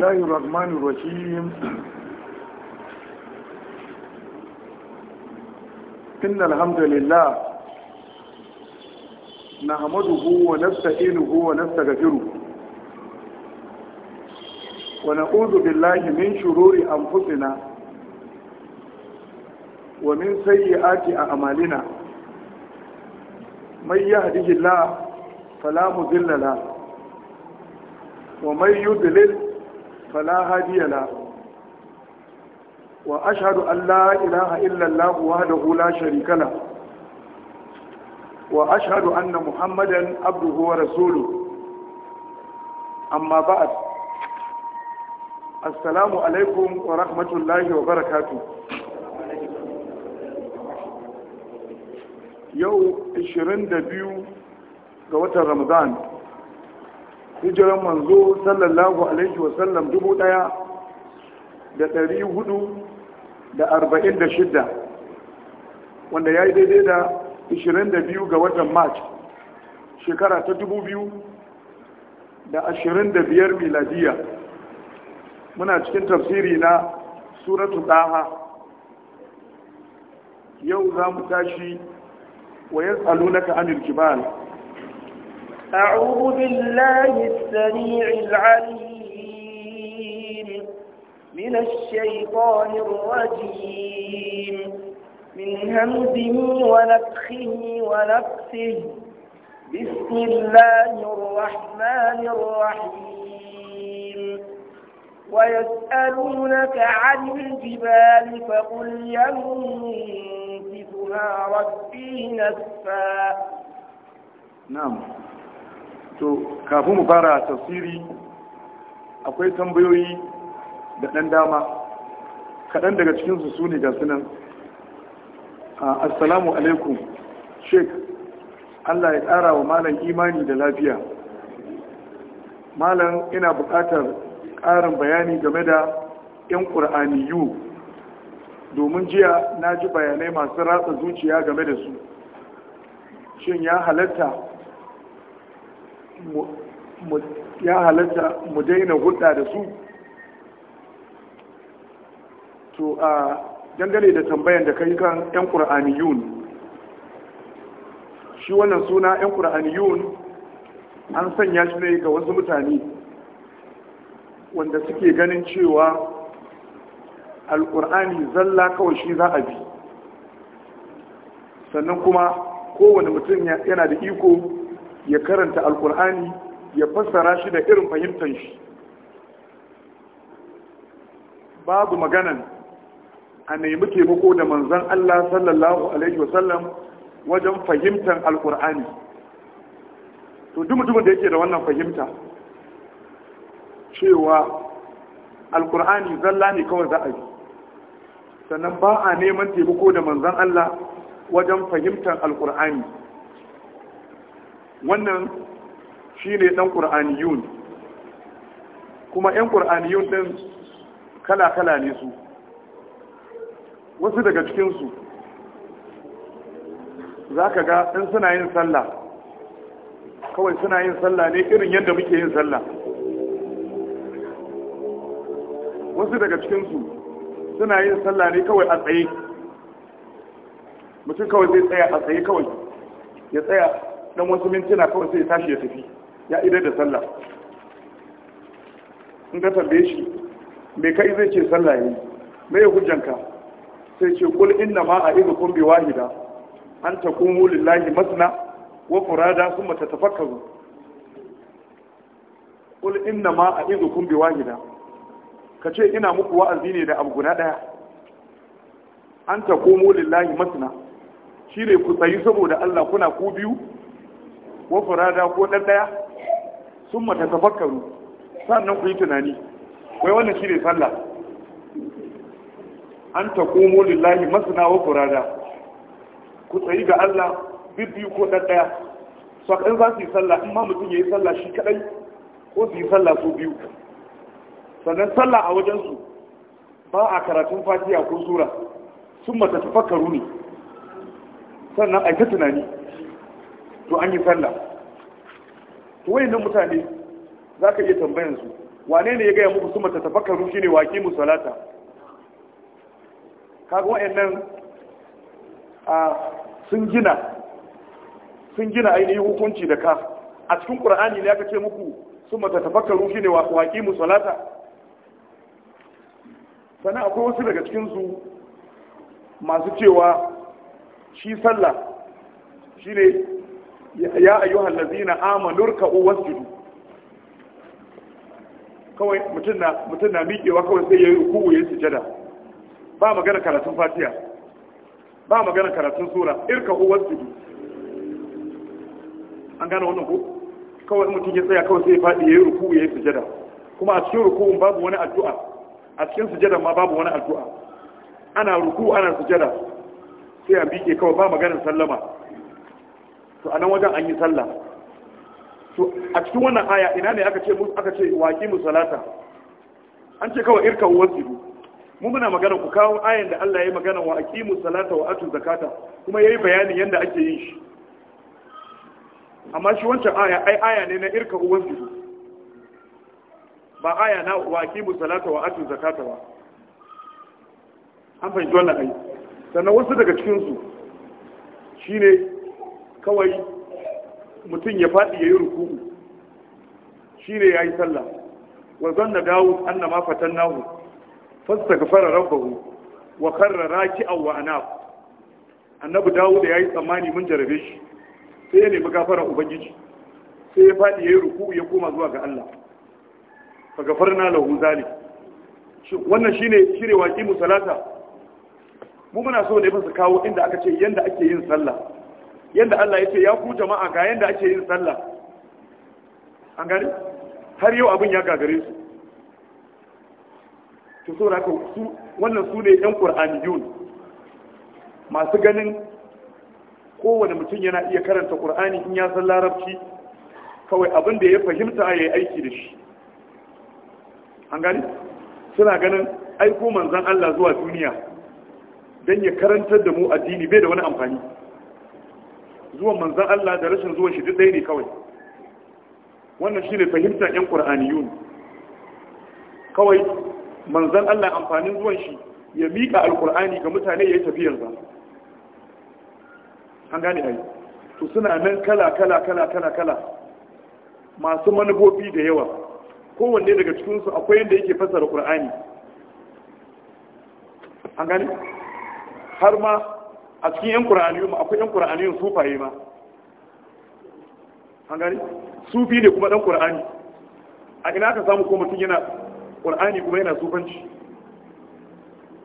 الله الرحمن الرحيم إن الحمد لله نحمده ونستئله ونستغفره ونعوذ بالله من شرور أنفسنا ومن سيئات أعمالنا من يهده الله فلا مذل له ومن يضلل فلا هادي له وأشهد أن لا إله إلا الله وحده لا شريك له وأشهد أن محمدا عبده ورسوله أما بعد السلام عليكم ورحمة الله وبركاته يوم 22 ga watan Ramadan hijiran manzo sallallahu alaihi wasallam dubu daya da dari hudu da arba'in da shidda wanda ya yi daidai da ishirin da biyu ga watan march shekara ta dubu biyu da ashirin da biyar miladiya muna cikin tafsiri na suratu daha yau za mu tashi wa yas'alunaka anil jibal أعوذ بالله السميع العليم من الشيطان الرجيم من همزه ونفخه ونفسه بسم الله الرحمن الرحيم ويسألونك عن الجبال فقل ينسفها ربي نسفا نعم to kafin mu fara tafsiri akwai tambayoyi da ɗan dama kaɗan daga cikinsu su ne ga sunan assalamu alaikum sheik allah ya ƙara wa malam imani da lafiya malam ina buƙatar ƙarin bayani game da 'yan ƙur'aniyu domin jiya na ji bayanai masu ratsa zuciya game da su shin ya halatta ya halatta mu daina hudda da su to a dangane da tambayan da kai kan 'yan ƙura'aniyun shi wannan suna 'yan ƙura'aniyun an sanya shi ne ga wasu mutane wanda suke ganin cewa alƙur'ani zalla kawai shi za a bi sannan kuma kowane mutum yana da iko ya karanta alkur'ani ya fassara shi da irin fahimtar shi babu maganan a nemi taimako da manzan Allah sallallahu alaihi wasallam wajen fahimtar alkur'ani to duk mutumin da yake da wannan fahimta cewa alkur'ani zalla ne kawai za a yi sannan ba a neman taimako da manzan Allah wajen fahimtar alkur'ani wannan shi ne ɗan ƙur'aniyun kuma 'yan ƙur'aniyun ɗin kala-kala ne su wasu daga cikinsu za ka ga ɗin suna yin sallah kawai suna yin sallah ne irin yadda muke yin sallah wasu daga cikinsu suna yin sallah ne kawai a tsaye mutum kawai zai tsaya a tsaye kawai ya tsaya dan wasu mintuna kawai sai ya tashi ya tafi ya idar da sallah in ka tambaye shi me kai zai ce sallah yayi me ya hujjanka sai ce kul inna ma a'idukum bi wahida an taqumu lillahi masna wa furada thumma tafakkaru kul inna ma a'idukum bi wahida kace ina muku wa'azi ne da abu guda daya an taqumu lillahi masna shine ku tsayi saboda Allah kuna ku biyu ko farada ko ɗan ɗaya sun mata tafakkaru sannan ku yi tunani wai wannan shi ne sallah an ta komo lillahi masana wa farada ku tsayi ga Allah bibbi ko ɗan ɗaya so kan za su yi sallah in ma mutum ya yi sallah shi kaɗai ko su yi sallah su biyu sannan sallah a wajensu ba a karatun fatiha ko sura sun mata tafakkaru ne sannan aika ta tunani to an yi sallah to nan mutane za ka iya tambayan su wane ne ya gaya muku suma ta shi ne waƙi mu salata kaga wayannan a sun gina sun gina ainihin hukunci da ka a cikin ƙur'ani ne aka ce muku suma ta shi ne waƙi mu salata sannan akwai wasu daga cikinsu masu cewa shi sallah ne. ya ayyuhal ladzina amanu ruk'u wasjudu kawai mutum na mutum na miƙewa kawai sai yayi ruku'u yayi sujada ba magana karatun fatiha ba magana karatun sura irka'u wasjudu an gane wannan ko kawai mutum ya tsaya kawai sai ya faɗi yayi ruku'u yayi sujada kuma a cikin ruku'un babu wani addu'a a cikin sujada ma babu wani addu'a ana ruku ana sujada sai a miƙe kawai ba maganar sallama to a nan wajen an yi sallah to a cikin wannan aya ina ne aka ce aka ce waki salata an ce kawai irka wasiru mu muna magana ku kawo ayan da Allah ya magana wa aqimu salata wa atu zakata kuma yayi bayanin yanda ake yin shi amma shi wancan aya ai aya ne na irka wasiru ba aya na wa aqimu salata wa atu zakata ba an fahimci wannan ai sannan wasu daga cikin su shine kawai mutum ya faɗi ya yi ruku'u shi ne ya yi sallah wa zanna dawo an na fatan nahu fastaghfara rabbahu wa karra a wa anab annabi da ya yi tsammani mun jarabe shi sai ya nemi gafara ubangiji sai ya faɗi ya yi ruku'u ya koma zuwa ga Allah fa na lahu zalik wannan shine shirewa waqi salata mu muna so ne ba su kawo inda aka ce yanda ake yin sallah yadda Allah ya ce ya ku jama'a ga yadda ake yin sallah an gani har yau abin ya gagare su to so su wannan su ne yan yun masu ganin kowane mutum yana iya karanta qur'ani in ya san larabci kawai abin da ya fahimta ya yi aiki da shi an gani suna ganin aiko manzon Allah zuwa duniya dan ya karantar da mu addini bai da wani amfani zuwan manzan Allah da rashin zuwan shi duk ɗaya ne kawai wannan shi ne fahimtar 'yan ƙur'aniyun kawai manzan Allah amfanin zuwan shi ya miƙa alƙur'ani ga mutane ya yi tafiyar ba an gane ayi. to suna nan kala kala kala kala kala masu manufofi da yawa kowanne daga cikinsu akwai yadda yake fasara ƙura'ani an gane har ma a cikin yan ma akwai yan ƙura'aniyun sufaye ma an gani sufi ne kuma ɗan ƙura'ani a ina aka samu ko mutum yana ƙura'ani kuma yana sufanci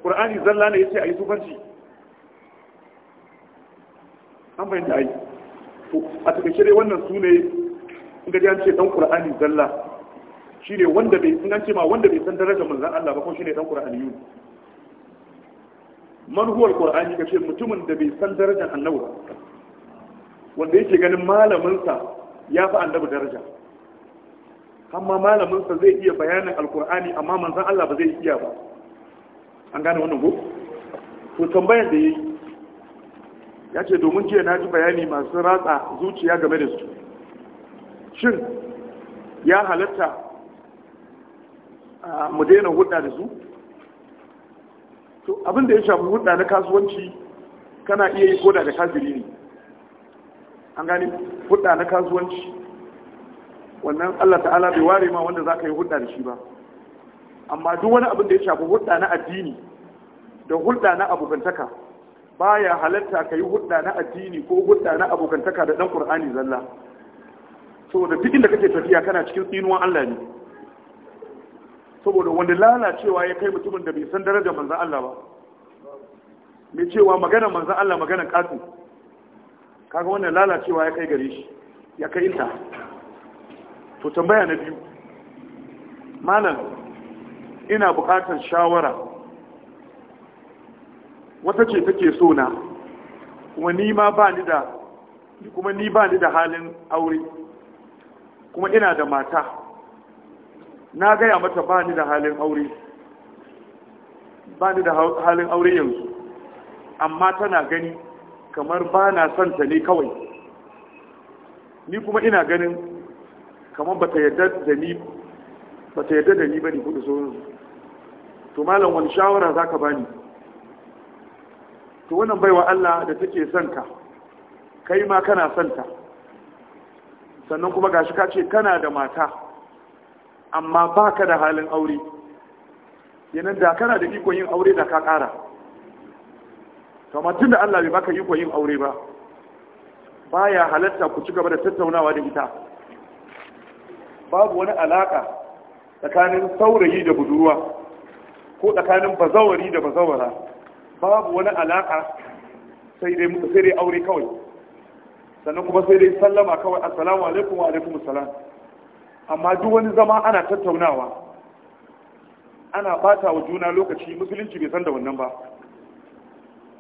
ƙura'ani zalla ne ya ce a yi sufanci an fahimta a yi a cikin shirai wannan su ne inda ya ce ɗan ƙura'ani zalla shi ne wanda bai sun ce ma wanda bai san darajar manzan Allah ba ko shi ne ɗan yun? huwa alqur'ani kace mutumin da bai san darajar annabi ba wanda yake ganin malaminsa ya fi annabi daraja amma malaminsa zai iya bayanin alqur'ani amma manzon Allah ba zai iya ba an gane wannan ko to tambayar da yayi ya ce domin jiya na ji bayani masu ratsa zuciya game da su shin ya halatta mu daina hudda da su to abin ya shafi hudda na kasuwanci kana iya yi koda da kafiri ne an gani hudda na kasuwanci wannan Allah ta'ala bai ware ma wanda zaka yi hudda da shi ba amma duk wani abin da ya shafi hudda na addini da hulɗa na abokantaka baya halatta ka yi hulɗa na addini ko hulɗa na abokantaka da ɗan ƙur'ani zalla saboda duk inda kake tafiya kana cikin tsinuwan Allah ne saboda wanda lalacewa ya kai mutumin da bai san darajar manzan Allah ba mai cewa maganar manzan Allah maganar kasu kaga wannan lalacewa ya kai gare shi ya kai ta to tambaya na biyu malam ina bukatar shawara wata ce take so na kuma ni ma ba ni da kuma ni ba ni da halin aure kuma ina da mata na gaya mata ba ni da halin aure ba ni da halin aure yanzu amma tana gani kamar ba na son ta ne kawai ni kuma ina ganin kamar ba ta yarda da ni ba ta da ni ba ne kudu sauransu to malam wani shawara za ka bani to wannan baiwa Allah da take son ka kai ma kana son ta sannan kuma gashi ka ce kana da mata amma ba ka da halin aure yanan da kana da ikon yin aure da ka ƙara kamar tun da Allah bai baka ikon yin aure ba baya halatta ku ci gaba da tattaunawa da ita babu wani alaka tsakanin saurayi da budurwa ko tsakanin bazawari da bazawara babu wani alaka sai dai aure kawai sannan kuma sai dai sallama kawai assalamu alaikum wa alaikum salam amma duk wani zama ana tattaunawa ana bata wa juna lokaci musulunci bai san da wannan ba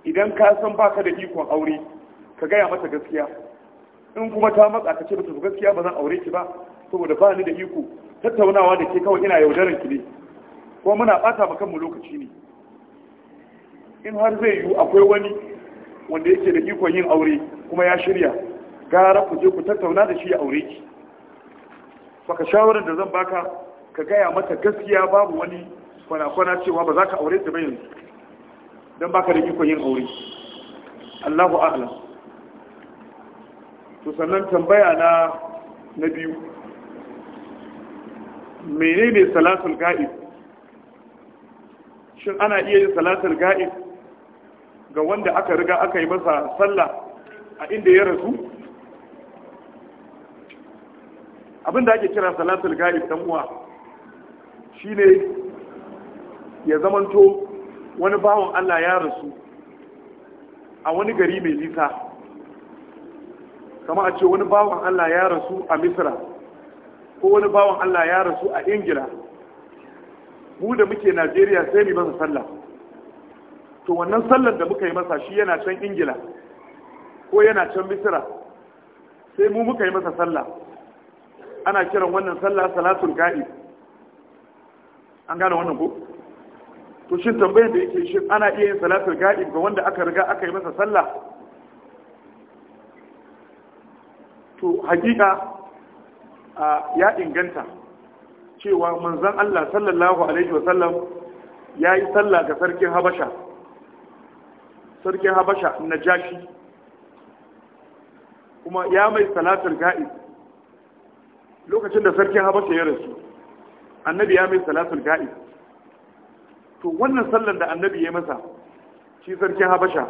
idan ka san ba ka da ikon aure ka gaya mata gaskiya in kuma ta matsa ka ce fi gaskiya ba zan aure ki ba saboda ba ni da iko tattaunawa da ke kawai ina yaudaran ki ne ko muna bata ma kanmu lokaci ne in har zai yiwu akwai wani wanda yake da ikon yin aure kuma ya shirya gara ku je ku tattauna da shi ya aure ki saka shawarar da zan baka ka gaya mata gaskiya babu wani kwana-kwana cewa ba za ka aure ta ba yanzu don baka da ikon yin aure Allahu a'lam to sannan tambaya na na biyu ne salatul ga'ib shin ana iya yin salatul ga'ib ga wanda aka riga aka yi masa sallah a inda ya rasu abin da ake kira salatul gaib dan uwa shine ya zamanto wani bawon Allah ya rasu a wani gari mai nisa kama a ce wani bawon Allah ya rasu a Misra ko wani bawon Allah ya rasu a Ingila mu da muke Najeriya sai mu masa sallah to wannan sallar da muka yi masa shi yana can Ingila ko yana can Misra sai mu muka yi masa sallah ana kiran wannan sallah salatul ka'i an gane wannan ko to shin tambayar da yake shin ana iya yin salatul ga'ib ga wanda aka riga aka yi masa sallah to hakika ya inganta cewa manzon Allah sallallahu alaihi wa sallam ya yi sallah ga sarkin Habasha sarkin Habasha Najashi kuma ya mai salatul ga'ib lokacin da sarkin habasha ya rasu annabi ya mai salatul ga'i to wannan sallar da annabi ya masa shi sarkin habasha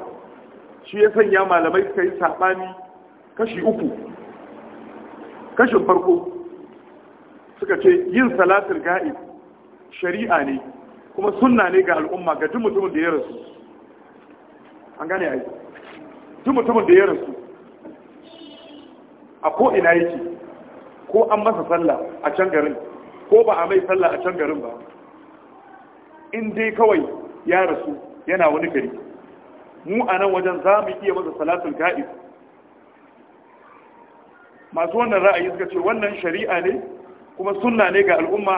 shi ya sanya malamai suka yi saɓani kashi uku kashin farko suka ce yin salatul ga'i shari'a ne kuma sunna ne ga al'umma ga duk mutumin da ya rasu an gane yi duk mutumin da ya rasu a ko ina yake ko an masa sallah a can garin ko ba a mai sallah a can garin ba in dai kawai ya rasu yana wani gari mu a nan wajen za mu iya masa salatul ka'ib masu wannan ra'ayi suka ce wannan shari'a ne kuma sunna ne ga al'umma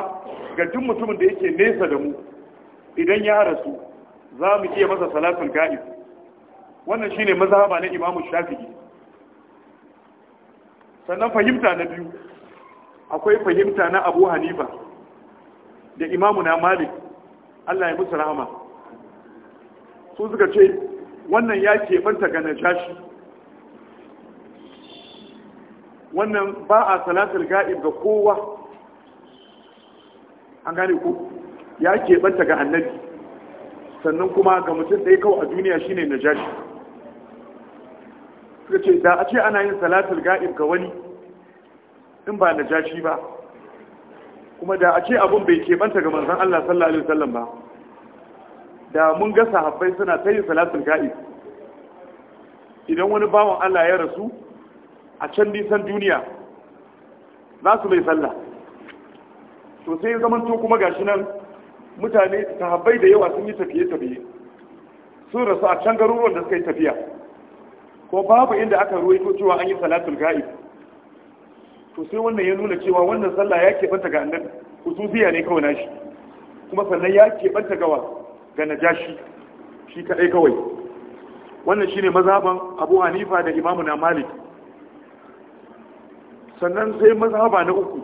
ga duk mutumin da yake nesa da mu idan ya rasu za mu iya masa salatul ka'ib wannan shine mazhaba na imamu shafi'i sannan fahimta na biyu akwai fahimta na abu hanifa da imamu na malik allah ya musu rahama su suka ce wannan ya keɓanta ga najashi wannan ba a salatul ga'ib ga kowa an gane ku ya keɓanta ga annabi sannan kuma ga mutum ɗaya kawai a duniya shine najashi suka ce da a ce ana yin salatul ga'ib ga wani in ba na jashi ba kuma da a ce abun bai keɓanta ga manzan Allah sallallahu alaihi wasallam ba da mun gasa haifai suna ta yi salatul ga'i idan wani bawan Allah ya rasu a can nisan duniya za su mai sallah to sai zaman kuma gashi nan mutane ta haifai da yawa sun yi tafiye-tafiye sun rasu a can garuruwan da suka yi tafiya ko babu inda aka ruwaito cewa an yi salatul ga'i to sai wannan ya nuna cewa wannan sallah ya keɓanta ga annabi hususiya ne kawai nashi kuma sannan ya keɓanta gawa ga najashi shi kaɗai kawai wannan shine mazhaban abu hanifa da imamu malik sannan sai mazhaba na uku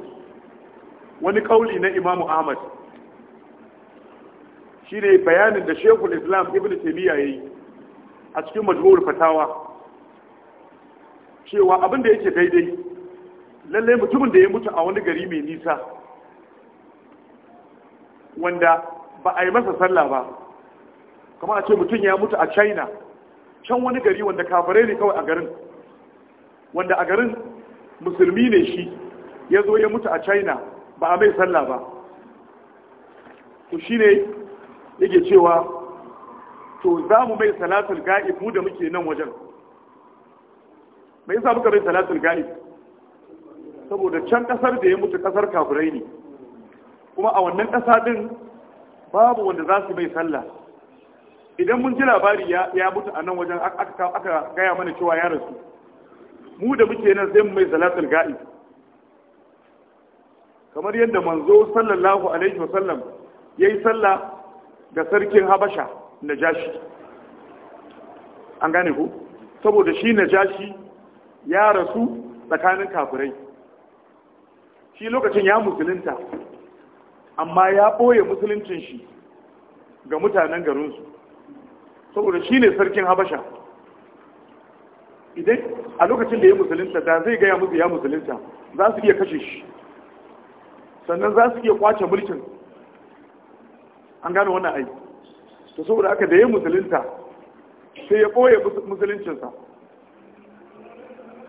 wani kauli na imamu ahmad shine bayanin da shekul islam ibn taymiya yayi a cikin majmu'ul fatawa cewa abin da yake daidai lallai mutumin da ya mutu a wani gari mai nisa wanda ba a yi masa sallah ba kamar a ce mutum ya mutu a china can wani gari wanda kafare ne kawai a garin wanda a garin musulmi ne shi ya zo ya mutu a china ba a mai sallah ba Ku shi ne yake cewa to za mu mai salatul ga'ib mu da muke nan wajen mai yasa muka mai salatul ga'ib saboda can kasar da ya mutu kasar kafirai ne kuma a wannan kasa din babu wanda za su mai sallah idan mun ji labari ya mutu a nan wajen aka gaya mana cewa ya rasu mu da muke nan zai mai salatul ga'i kamar yadda manzo sallallahu alaihi wasallam ya yi sallah ga sarkin habasha na jashi, an gane ku saboda shi na jashi ya rasu tsakanin kafirai shi lokacin ya musulunta amma ya ɓoye musuluncin shi ga mutanen garinsu saboda shi ne sarkin habasha idan a lokacin da ya musulunta da zai gaya musu ya musulunta za su iya kashe shi sannan za su iya kwace mulkin an gane wannan aiki to saboda aka da ya musulunta sai ya ɓoye musuluncinsa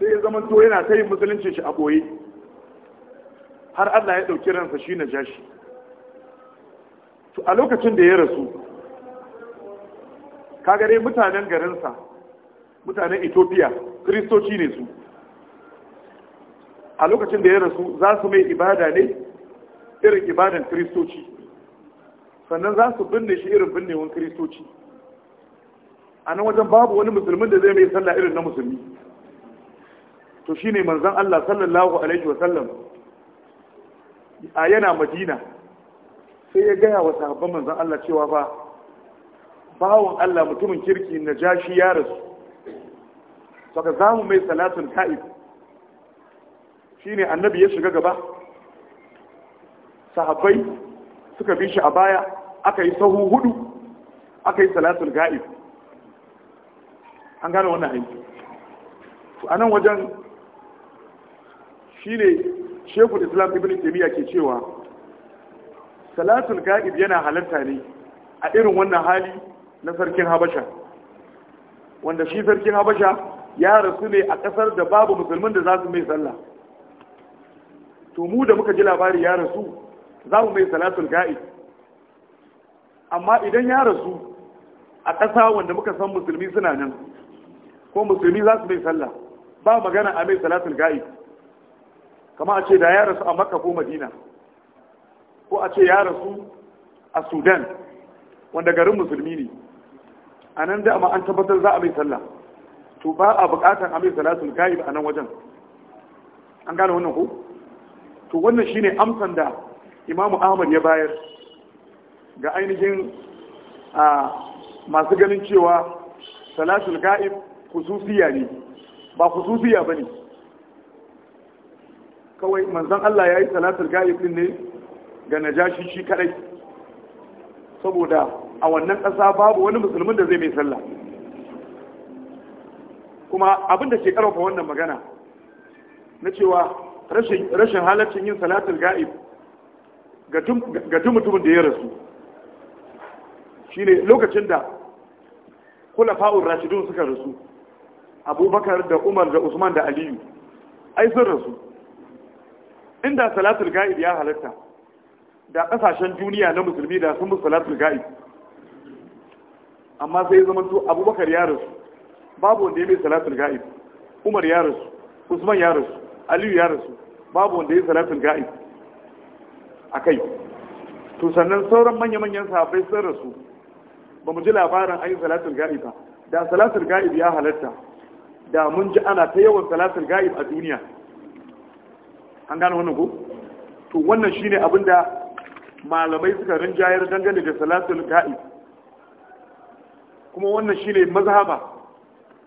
sai ya zama to yana ta yin musuluncin shi a ɓoye har Allah ya ɗauki ransa shi na jashi a lokacin da ya rasu kagare mutanen garinsa mutanen ethiopia kristoci ne su a lokacin da ya rasu za su mai ibada ne irin ibadan kristoci sannan za su binne shi irin binnewan kristoci a nan wajen babu wani musulmin da zai mai sallah irin na musulmi to shine manzon Allah sallallahu alaihi wasallam a yana madina sai ya gaya wa sahabban manzan Allah cewa ba bawon Allah mutumin kirki na jashi ya rasu saka za mu mai salatun shi shine annabi ya shiga gaba sahabbai suka bi shi a baya aka yi sahu hudu aka yi salatun ga'ib an gane wannan haiti A anan wajen shi ne. shekul islam ibn taymiya ke cewa salatul ga'ib yana halarta ne a irin wannan hali na sarkin habasha wanda shi sarkin habasha ya rasu ne a kasar da babu musulmin da za su mai sallah to mu da muka ji labari ya rasu za mu mai salatul ga'ib amma idan ya rasu a ƙasa wanda muka san musulmi suna nan ko musulmi za su mai sallah ba magana a mai salatul ga'ib kama a ce da ya rasu a makka ko madina ko a ce ya rasu a sudan wanda garin musulmi ne a nan da ma an tabbatar za a mai sallah to ba a bukatar a mai salatul ga'ib a nan wajen an gane wannan ko to wannan shine amsan da imamu ahmad ya bayar ga ainihin a masu ganin cewa salatul ga'ib khususiya ne ba khususiya bane kawai manzan Allah ya yi salatar ga'ib din ne ga najashi shi kadai saboda a wannan ƙasa babu wani musulmin da zai mai sallah kuma abin da ke ƙarfafa wannan magana na cewa rashin halaccin yin salatar ga'ib ga duk mutumin da ya rasu shine lokacin da kula fa'un rashidun suka rasu abubakar da umar da usman da aliyu ai sun rasu inda salatul ga'ib ya halatta da kasashen duniya na musulmi da sun bi salatul ga'ib amma sai zama to abubakar ya rasu babu wanda ya mai salatul ga'ib umar ya rasu usman ya rasu aliyu ya rasu babu wanda ya yi salatul ga'ib a kai to sannan sauran manya-manyan sahabbai sun rasu ba mu ji labarin ayin yi salatul ga'ib ba da salatul ga'ib ya halatta da mun ji ana ta yawan salatul ga'ib a duniya an gano wannan ko to wannan shine abin da malamai suka rinjayar dangane da salatul ka'i kuma wannan shine mazhaba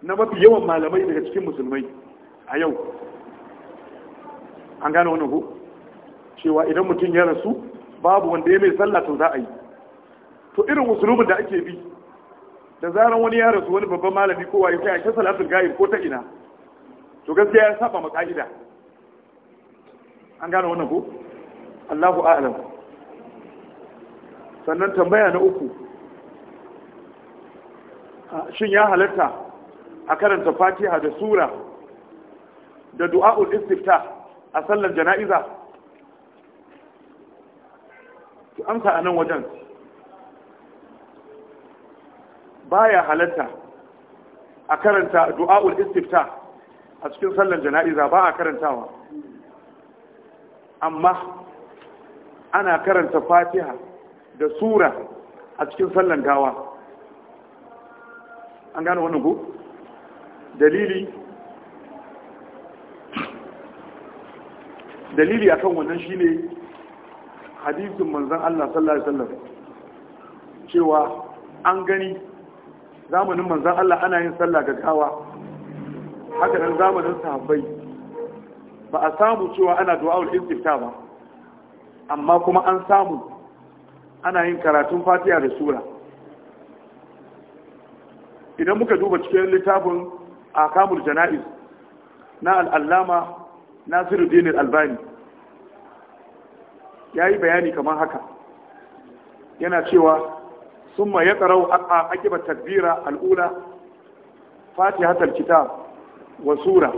na mafi yawan malamai daga cikin musulmai a yau an gano wannan ko cewa idan mutum ya rasu babu wanda ya mai sallah to za a yi to irin musulmi da ake bi da zaran wani ya rasu wani babban malami ko ya sai a ta salatul ga'ib ko ta ina to gaskiya ya saba maka'ida an gane wannan ko Allahu a'lam sannan tambaya na uku ah, shin ya halatta a karanta fatiha da sura da du'a'ul istifta a sallar jana'iza ki amsa a nan wajen baya halatta a karanta du'a'ul istifta a cikin sallar jana'iza ba a karantawa amma ana karanta fatiha da sura a cikin sallan gawa an gane wani ku dalili dalili akan wannan shine hadisin manzon Allah sallallahu alaihi wasallam cewa an gani zamanin manzon Allah ana yin sallah gaggawa haka nan zamanin sahabbai ba a samu cewa ana du'a'ul istifta ba amma kuma an samu ana yin karatun fatiha da sura idan muka duba cikin littafin akamul jana'iz na al'allama nasiruddin albani ya yi bayani kamar haka yana cewa sun ma ya tsarau a akibar takbira al'ula fatihatar kitab wa sura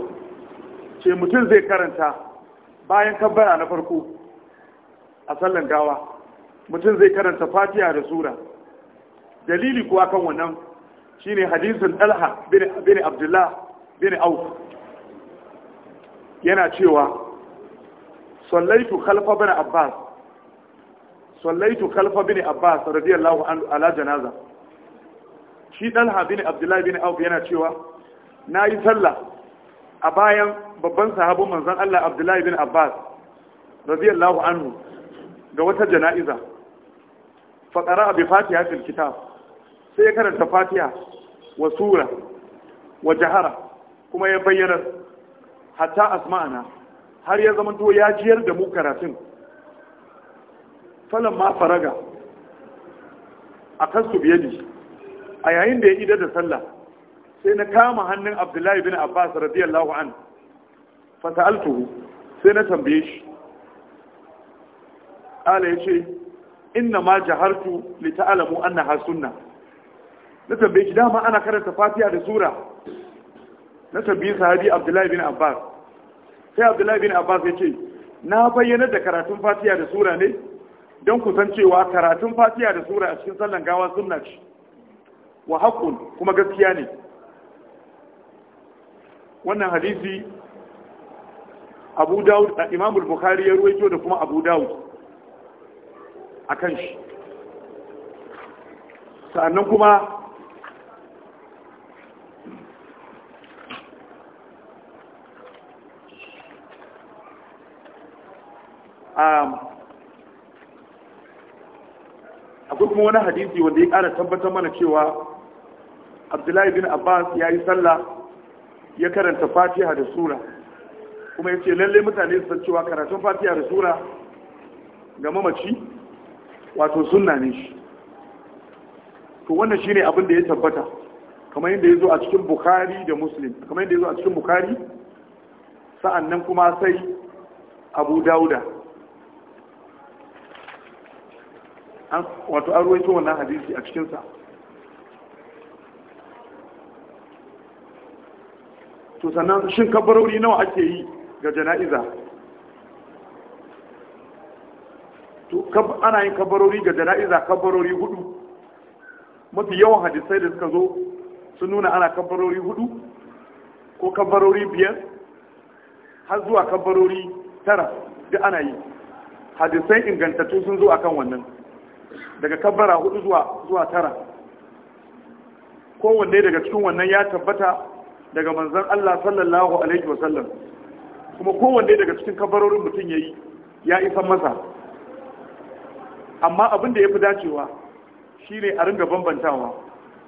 ce mutum zai karanta bayan kabbara na farko a sallan gawa mutum zai karanta fatiha da sura dalili kuwa kan wannan shine hadisin dalha bin abdullah bin auf yana cewa sallaitu khalfa bin abbas sallaitu khalfa bin abbas radiyallahu anhu ala janaza shi dalha bin abdullah bin auf yana cewa nayi sallah a bayan babban sahabin manzon Allah Abdullahi bin Abbas radiyallahu anhu ga wata jana'iza fa qara'a bi fatihatil kitab sai ya karanta Fatiya wa sura wa jahara kuma ya bayyana hatta asma'ana har ya zama to ya jiyar da mu karatun Falon ma faraga a kansu biyadi a yayin da ya idar da sallah sai na kama hannun abdullahi bin abbas radiyallahu anhu fasa'altuhu sai na tambaye shi ala ya ce inna ma jahartu li ta'alamu ha sunna na tambaye shi dama ana karanta fatiha da sura na tambayi sahabi abdullahi bin abbas sai abdullahi bin abbas ya ce na bayyana da karatun fatiha da sura ne don kusancewa karatun fatiha da sura a cikin sallan gawa sunna ce wa haƙƙun kuma gaskiya ne wannan hadisi abu dawud a imamul bukhari ya ruwaito da kuma abu dawud a kan shi sa'annan kuma um, akwai kuma wani hadisi wanda ya ƙara tabbatar mana cewa abdullahi bin abbas ya yi sallah ya karanta fatiha da sura kuma ya ce lalle mutane su san cewa karatun fatiha da sura ga mamaci wato sunna ne shi to wannan shine abin da ya tabbata kamar yadda ya zo a cikin bukhari da muslim kamar yadda ya zo a cikin bukhari sa'annan kuma sai abu dauda wato an ruwaito wannan hadisi a cikinsa to sannan shin kabbarori nawa ake yi ga jana'iza ana yin kabarori ga jana'iza kabarori hudu mafi yawan hadisai da suka zo sun nuna ana kabarori hudu ko kabarori biyar har zuwa kabarori tara da ana yi hadisai ingantattu sun zo akan wannan daga kabara hudu zuwa tara kowanne daga cikin wannan ya tabbata daga manzan Allah sallallahu alaihi wasallam kuma kowanne daga cikin kabarorin mutum ya yi ya isa masa amma abin da ya fi dacewa shi ne a ringa bambantawa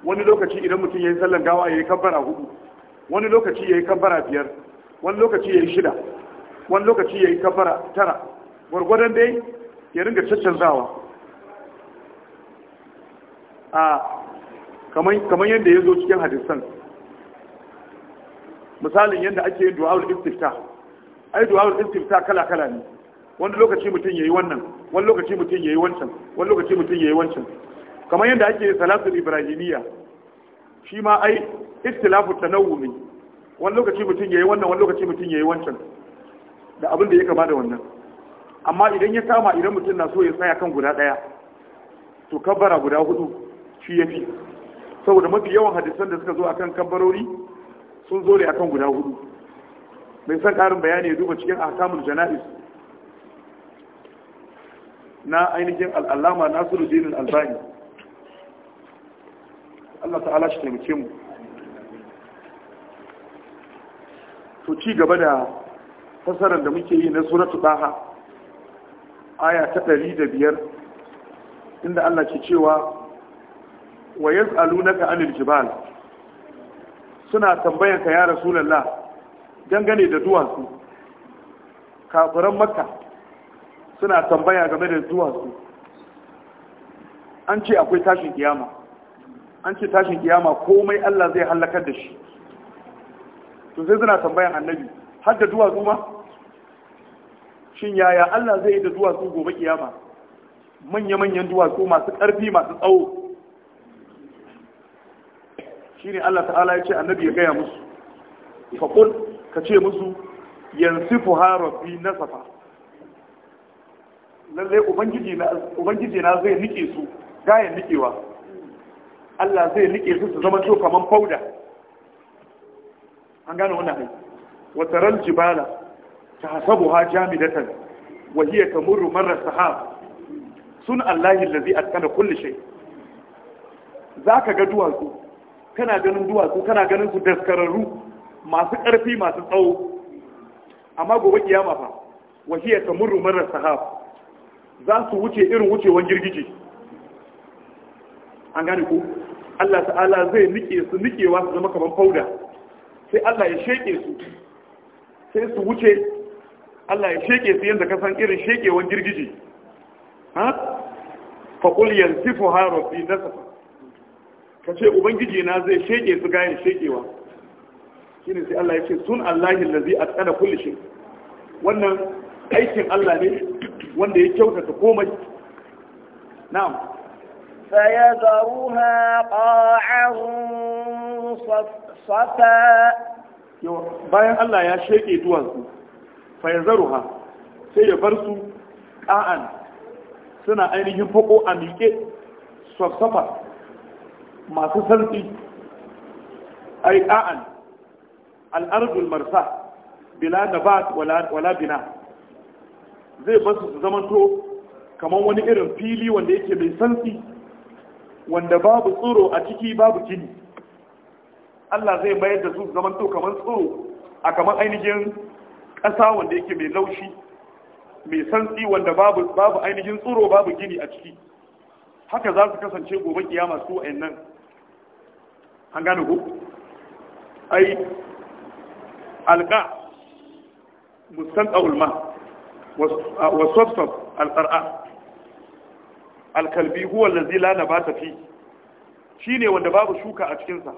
wani lokaci idan mutum ya yi sallan gawa ya yi kabara hudu wani lokaci ya yi kabara biyar wani lokaci ya yi shida wani lokaci ya yi kabara tara gwargwadon dai ya ringa caccanzawa a kamar yadda ya zo cikin hadisan misalin yadda ake yin du'a ul-istiftah ai du'a'ul ta kala kala ne wani lokaci mutum yayi wannan wani lokaci mutum yayi wancan wani lokaci mutum yayi wancan kamar yadda ake salatu ibrahimiyya shi ma ai istilafu tanawwu ne wani lokaci mutum yayi wannan wani lokaci mutum yayi wancan da abin da ya kama da wannan amma idan ya kama idan mutum na so ya tsaya kan guda daya to kabbara guda hudu shi yafi saboda mafi yawan hadisan da suka zo akan kabbarori sun zo ne akan guda hudu mai son karin bayani ya duba cikin ahkamul jana'is na ainihin al'allama nasiru dinin albani Allah ta'ala shi taimake mu to ci gaba da fasarar da muke yi na suratu ɗaha aya ta ɗari da biyar inda Allah ke cewa wa alunaka anil jibal suna tambayanka ya rasulallah dangane da duwatsu kafiran makka suna tambaya game da duwatsu an ce akwai tashin kiyama an ce tashin kiyama komai Allah zai halakar da shi to sai suna tambayan annabi har da duwatsu ma shin yaya Allah zai yi da duwatsu gobe kiyama manya-manyan duwatsu masu ƙarfi masu tsawo shi ne Allah ta'ala ya ce annabi ya gaya musu faƙul ka ce musu yanzu fuharabi safa lallai ubangiji na zai nike su gayan nikewa Allah zai nike su su zama to kamar fauda an gane wannan hai wataral jibala ta hasabu ha jamidatan wahiyar hiya tamurru marra sahab sun Allahi allazi kulle shai. Za ka ga duwatsu kana ganin duwatsu kana ganin su daskararru masu ƙarfi masu tsawo amma gobe kiyama fa wahiyar ta murru marar sahab za su wuce irin wucewan girgije an gane ku Allah ta'ala zai nike su nikewa su zama kamar fauda sai Allah ya sheke su sai su wuce Allah ya sheke su yadda ka san irin shekewan girgije ha faƙul yansifu ha rabbi nasafa ka ce ubangiji na zai sheke su gayan shekewa shine sai Allah ya ce sun zai allazi atqana kulli shay wannan aikin Allah ne wanda ya kyautata komai na'am fayadharuha qa'an safa bayan Allah ya sheke duwatsu fayazaruha sai ya bar su qa'an suna ainihin fako a miƙe safsafa masu sarki ai qa'an al'ardul marsa bila nabat wala bina zai basu su zamanto kamar wani irin fili wanda yake mai santsi wanda babu tsoro a ciki babu gini Allah zai mayar da su zamanto kamar tsoro a kamar ainihin ƙasa wanda yake mai laushi mai santsi wanda babu ainihin tsoro babu gini a ciki haka za su kasance gobe kiyama su nan. an gane ku ai alqa mustanqa ulma wa uh, sabsab alqar'a alkalbi huwa na ba ta fi Shi ne wanda babu shuka a cikin sa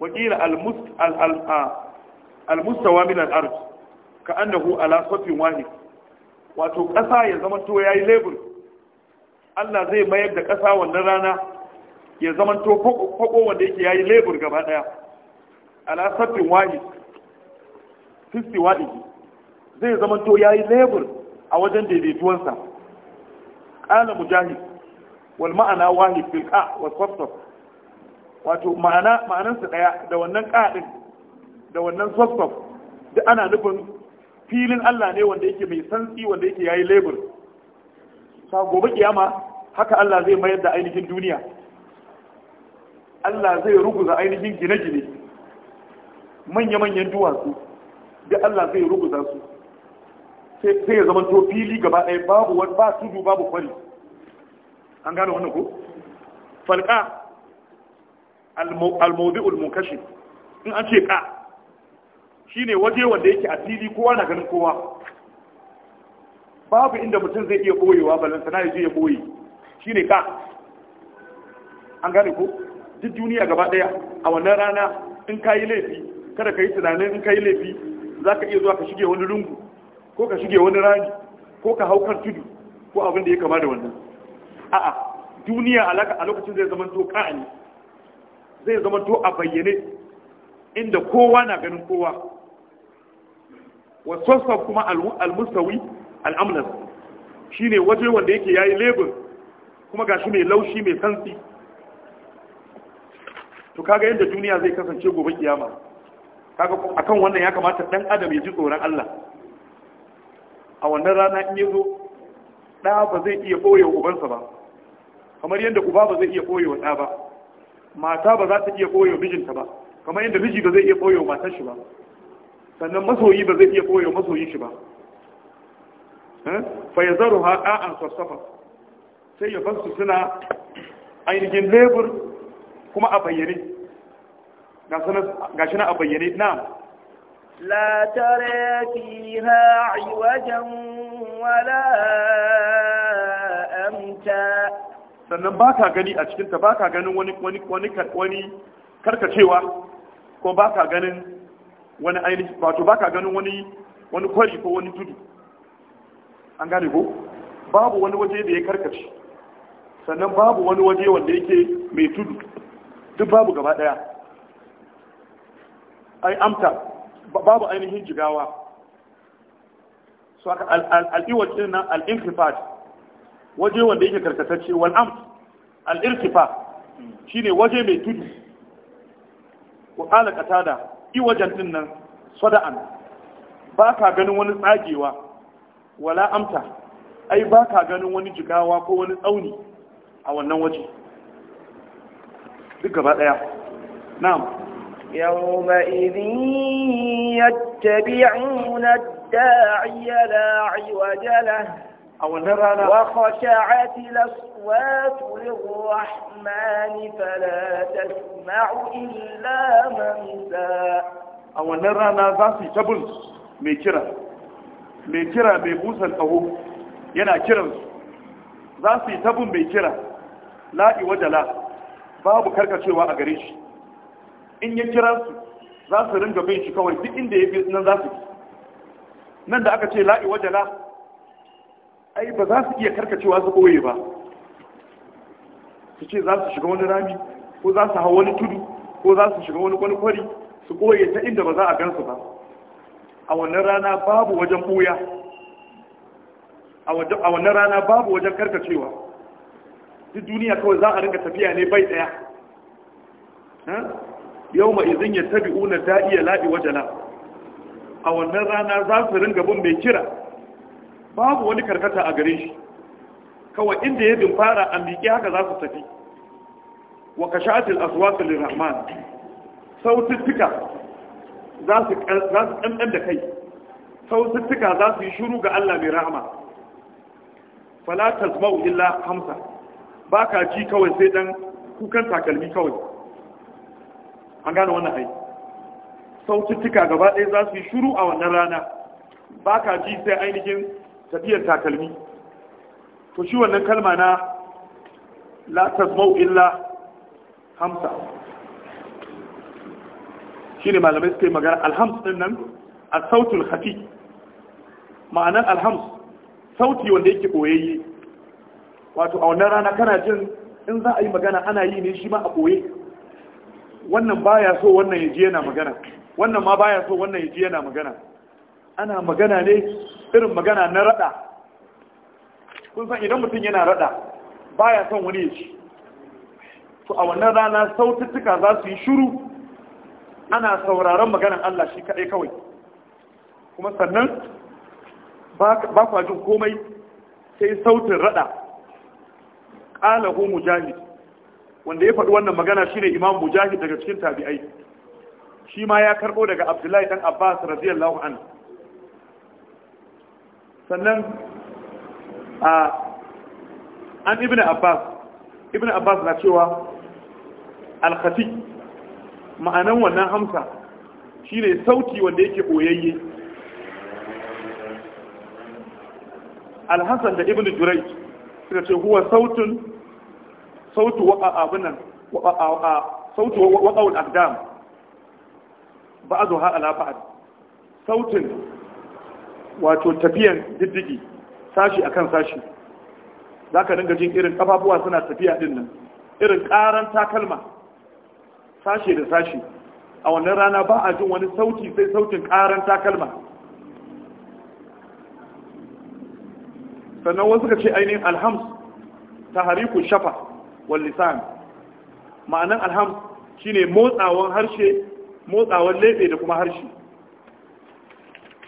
wa qila almust uh, almustawa min al-ard ka annahu ala safin wahid wato ƙasa ya zama to yi lebur. Allah zai mayar da ƙasa wannan rana ya zama to fako wanda yake yi lebur gaba ɗaya. ala safin wahid fisti waɗi zai zama to ya yi lebur a wajen daidaituwansa ƙala mujahid wal ma'ana wahid fil wa safsaf wato ma'ana ma'anansa ɗaya da wannan ƙaɗin da wannan safsaf da ana nufin filin Allah ne wanda yake mai santsi wanda yake yayi lebur sa gobe kiyama haka Allah zai mayar da ainihin duniya Allah zai ruguza ainihin gine-gine manya-manyan duwatsu da Allah zai rubuta su sai ya zama to fili gaba ɗaya babu wani ba tudu babu kwari an gane wannan ko falqa al-mawdi'ul munkashif in an ce ka shine waje wanda yake a fili kowa na ganin kowa babu inda mutum zai iya boyewa balanta ya yaje ya boye shine ka an gane ko duk duniya gaba ɗaya, a wannan rana in yi laifi kada ka yi tunanin in yi laifi za ka iya zuwa ka shige wani lungu ko ka shige wani rani ko ka hau kan tudu ko abin da ya kama da wannan a'a duniya a lokacin zai zama to ka'ani zai zama to a bayyane inda kowa na ganin kowa wasu kuma al al-mustawi al shi ne waje wanda yake yayi label kuma gashi mai laushi mai santsi to kaga yadda duniya zai kasance gobe kiyama kaga akan wannan ya kamata dan adam ya ji tsoron Allah a wannan rana in yazo da ba zai iya boye ubansa ba kamar yadda uba ba zai iya boye wa da ba mata ba za ta iya boye mijinta ba kamar yadda miji ba zai iya boye matar shi ba sannan masoyi ba zai iya boye masoyin shi ba eh? fa yazaruha qa'an safa sai ya basu suna ainihin lebur kuma a bayyane ga shi na a bayyane na la tare wala amta sannan ba ka gani a cikinta ba ka ganin wani wani wani wani karkacewa ko ba ka ganin wani ainihi wato ba ka ganin wani wani kwari ko wani tudu an gane ko babu wani waje da ya karkace sannan babu wani waje wanda yake mai tudu duk babu gaba daya ai amta babu ainihin jigawa so al al'iwaj din nan al-inqifat waje wanda yake karkatacce wal amt al-irtifa shine waje mai tudu wa kala katada iwajan din nan sada'an ba ka ganin wani tsagewa wala amta ai ba ka ganin wani jigawa ko wani tsauni a wannan waje duk gaba daya na'am يومئذ يتبعون الداعي لا عوج له وخشعت الأصوات للرحمن فلا تسمع إلا من ذا أو نرى نازاسي جبل ميكرا ميكرا ميبوسا الأهو ينا كرم zasu yi tabin mai kira la'i wajala babu karkacewa a in ya kira su za su ringa bin shi kawai duk inda ya fi nan za su nan da aka ce la'i wajala ai ba za su iya karkacewa su ɓoye ba su ce za su shiga wani rami ko za su hau wani tudu ko za su shiga wani kwanikwari kwari su ɓoye ta inda ba za a gansu ba a wannan rana babu wajen ɓuya. a wannan rana babu wajen karkacewa duk duniya kawai za a ringa tafiya ne bai ɗaya. yau ma izin ya tabi una ta iya laɗi wajena. a wannan rana za su ringa bin mai kira babu wani karkata a gare shi kawai inda ya bin fara a miƙe haka za su tafi wa ka sha'atil aswatu Rahman? saututtuka za su ƙanɗan da kai saututtuka za su yi shiru ga Allah mai rahama fala tasma'u illa hamsa ba ka ji kawai sai dan kukan takalmi kawai an gane wannan ai saututtuka gaba ɗaya za su yi shuru a wannan rana ba ka ji sai ainihin tafiyar takalmi to shi wannan kalma na la tasmau illa hamsa shi ne malamai suka yi magana alhams ɗin nan a sautul hafi ma'anar alhams sauti wanda yake ɓoyayye wato a wannan rana kana jin in za a yi magana ana yi ne shi ma a ɓoye wannan baya so wannan ya ji yana magana wannan ma baya so wannan ya ji yana magana ana magana ne irin magana na rada kun san idan mutum yana rada baya son wani ya ci to a wannan rana saututtuka za su yi shiru ana sauraron maganan Allah shi kaɗai kawai kuma sannan ba kwa jin komai sai sautin rada ƙalahu mujahid wanda ya faɗi wannan magana shine imam mujahid daga cikin tabi'ai shi ma ya karɓo daga abdullahi dan abbas radiyallahu an. sannan a an ibn abbas ibn abbas na cewa alkhati ma'anan wannan hamsa shine sauti wanda yake boyayye alhassan da ibn jurai suka ce huwa sautun sautu wa abin nan sautu wa qaul aqdam ha ala ba'd sautin wato tafiyan diddigi sashi akan sashi zaka dinga jin irin kafafuwa suna tafiya din nan irin karan takalma sashi da sashi a wannan rana ba a jin wani sauti sai sautin karan takalma sannan wasu ka ce ainihin alhams ta hariku shafa wal ma'anan alham shine motsawan harshe motsawan lebe da kuma harshe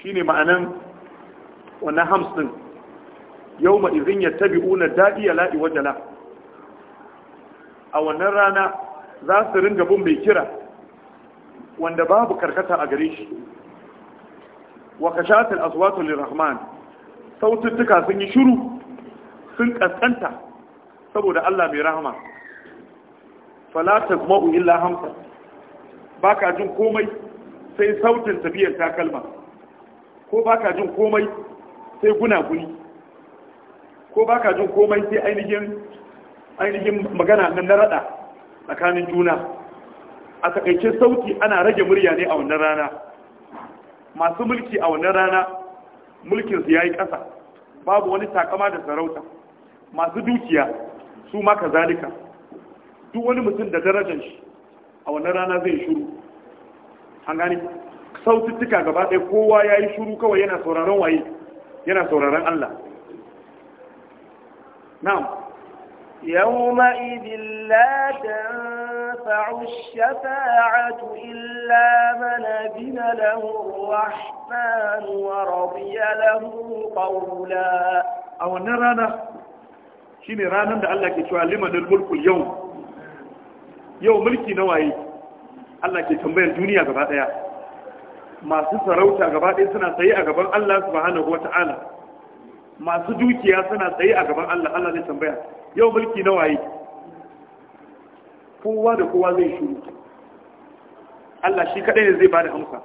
shine ma'anan wannan hams din yawma idhin yattabi'una da'iya la'i wajala a wannan rana za su ringa bin mai kira wanda babu karkata a gare shi wa kashatil aswatu lirrahman saututtuka sun yi shiru sun kaskanta saboda Allah mai rahama fala tazma'u illa hamsa baka jin komai sai sautin tafiyar takalma ko baka jin komai sai gunaguni ko baka jin komai sai ainihin ainihin magana na rada tsakanin juna a takaice sauti ana rage murya ne a wannan rana masu mulki a wannan rana mulkinsu ya yi ƙasa babu wani takama da sarauta masu dukiya su ma kazalika duk wani mutum da darajar shi a wannan rana zai shuru an gani saututtuka gaba ɗaya kowa ya yi shuru kawai yana sauraron waye yana sauraron Allah na'am yawma idin la tanfa'u shafa'atu illa man adina lahu rahman wa radiya lahu qawla a wannan Shi ne ranar da Allah ke cewa limanin mulkul yau yau mulki na waye Allah ke tambayar duniya gaba daya masu sarauta gaba daya suna tsaye a gaban Allah subhanahu wata'ala masu dukiya suna tsaye a gaban Allah Allah zai tambaya yau mulki na waye kowa da kowa zai shiru. Allah shi kadai ne zai bada amsa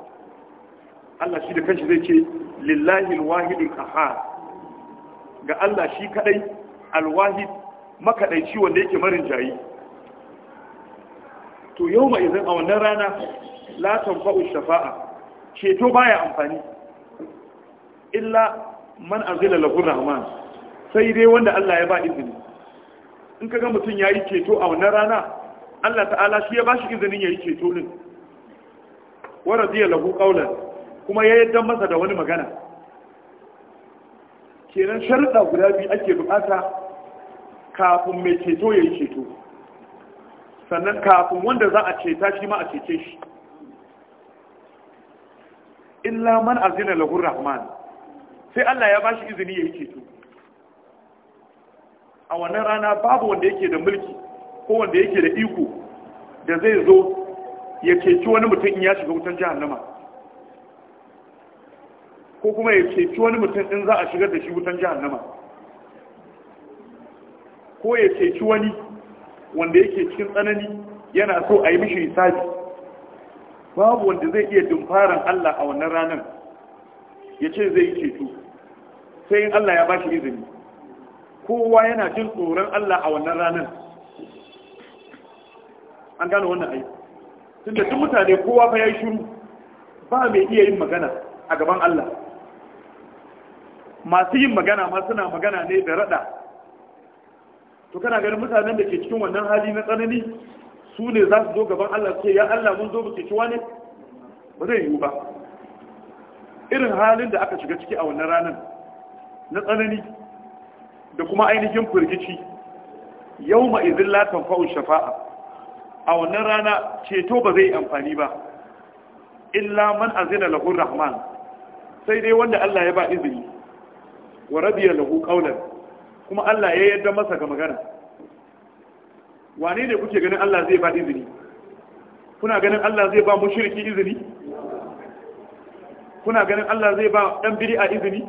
Allah shi da kanshi zai ce lillahi alwahidul qahhar ga Allah shi kadai alwahid makaɗaici wanda yake marin jayi to yau mai zan a wannan rana latin fa'u shafa'a ceto baya amfani illa man azila lahur rahman sai dai wanda Allah ya ba izini in kaga mutum yayi ceto a wannan rana Allah ta'ala shi ya ba shi izinin yayi ceto din wa radiya lahu qawlan kuma ya yadda masa da wani magana kenan sharuɗa guda biyu ake bukata kafin mai ceto ya yi ceto sannan kafin wanda za a ceta shi ma a cece shi illa man azina lahu rahman sai Allah ya bashi izini ya yi ceto a wannan rana babu wanda yake da mulki ko wanda yake da iko da zai zo ya ceci wani mutum in ya shiga wutan jahannama ko kuma ya ceci wani mutum in za a shigar da shi wutan nama. ko ya ceci wani wanda yake cikin tsanani yana so a yi mishi hisabi babu wanda zai iya dumfaran Allah a wannan ranar ya ce zai yi ceto sai in Allah ya bashi izini kowa yana jin tsoron Allah a wannan ranar an gano wannan aiki tun da mutane kowa fa ya yi shuru ba mai iya yin magana a gaban Allah masu yin magana ma suna magana ne da rada to kana ganin mutanen da ke cikin wannan hali na tsanani su ne za su zo gaban Allah ce ya Allah mun zo mu ceci wani ba zai yiwu ba irin halin da aka shiga ciki a wannan ranar na tsanani da kuma ainihin firgici yau ma izin latan fa'un shafa'a a wannan rana ceto ba zai amfani ba illa man azina lahu rahman sai dai wanda Allah ya ba izini wa rabiya lahu qawlan kuma Allah ya yadda masa ga magana wane ne kuke ganin Allah zai ba izini kuna ganin Allah zai ba mushriki izini kuna ganin Allah zai ba dan bid'a izini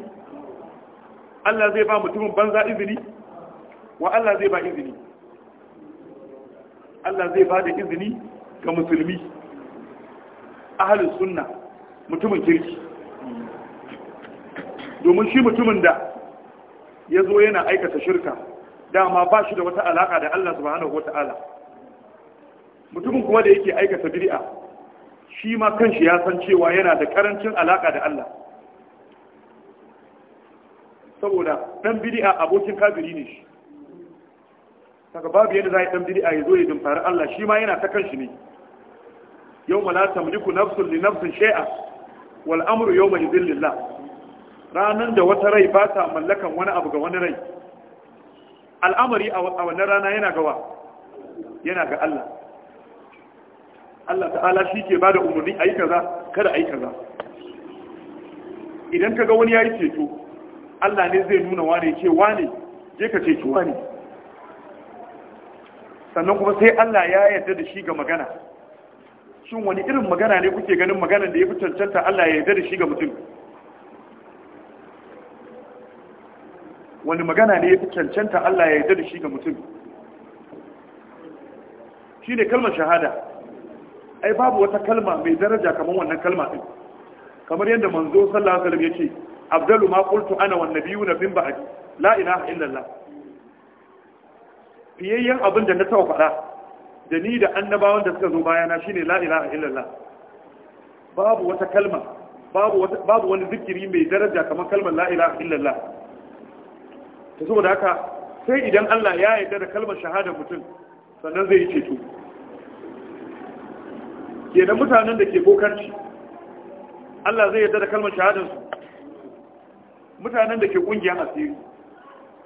Allah zai ba mutumin banza izini wa Allah zai ba izini Allah zai ba da izini ga musulmi ahlus sunna mutumin kirki domin shi mutumin da ya zo yana aikata shirka dama ba shi da wata alaka da Allah subhanahu wata'ala mutumin kuma da yake aikata bid'a shi ma kanshi ya san cewa yana da karancin alaka da Allah saboda dan bid'a abokin kafiri ne shi daga babu yadda za dan bid'a ya zo ya dumfari Allah shi ma yana ta kanshi ne yawma la tamliku nafsun li nafsin shay'a wal amru yawma idhillillah ranar da wata rai ba ta mallakan wani abu ga wani rai al'amari a wannan rana yana gawa yana ga Allah Allah ta'ala shi ke ba da umarni a yi kaza kada a yi kaza idan ka ga wani ya yi ceto Allah ne zai nuna wane ce wane je ka ceto wane sannan kuma sai Allah ya yarda da shi ga magana shin wani irin magana ne kuke ganin magana da ya fi cancanta Allah ya yarda da shi ga mutum wani magana ne ya fi cancanta Allah ya yarda da shi ga mutum shi ne kalmar shahada ai babu wata kalma mai daraja kamar wannan kalma ɗin kamar yadda manzo sallallahu alaihi wasallam yace abdalu ma qultu ana wan nabiyuna min ba'd la ilaha illallah fiyayyen abin da na tawa faɗa da ni da annabawan da suka zo bayana shine la ilaha illallah babu wata kalma babu wani zikiri mai daraja kamar kalmar la ilaha illallah ta da haka sai idan Allah ya yarda da kalmar shahada mutum sannan zai yi ceto Ke da mutanen da ke bokanci Allah zai yarda da kalmar shahadarsu mutanen da ke ƙungiyar asiri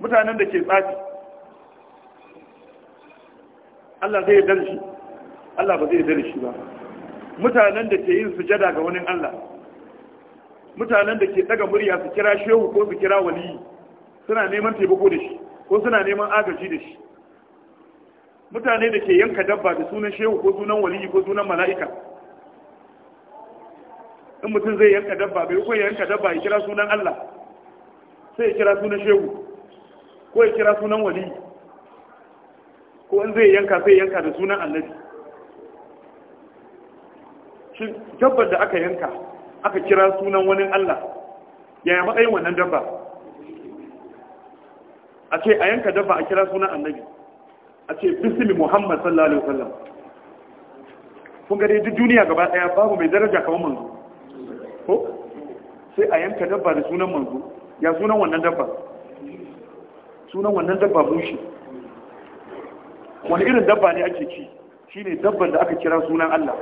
mutanen da ke tsafi Allah zai yarda da shi Allah ba zai yarda da shi ba mutanen da ke yin sujada ga wani Allah mutanen da ke daga murya su kira shehu ko su kira waliyi suna neman taimako da shi ko suna neman agaji da shi mutane da ke yanka dabba da sunan shehu ko sunan waliyi ko sunan mala'ika in mutum zai yanka dabba bai ko yanka dabba ya kira sunan Allah sai ya kira sunan shehu ko ya kira sunan waliyi ko in zai yanka sai yanka da sunan annabi shin dabbar da aka yanka aka kira sunan wani Allah yaya matsayin wannan dabba a ce a yanka dabba a kira sunan annabi a ce bismi muhammad sallallahu alaihi wasallam kun gare duk duniya gaba daya babu mai daraja kamar manzo ko sai a yanka dabba da sunan manzo ya sunan wannan dabba sunan wannan dabba bushi wani irin dabba ne ake ci shine dabban da aka kira sunan Allah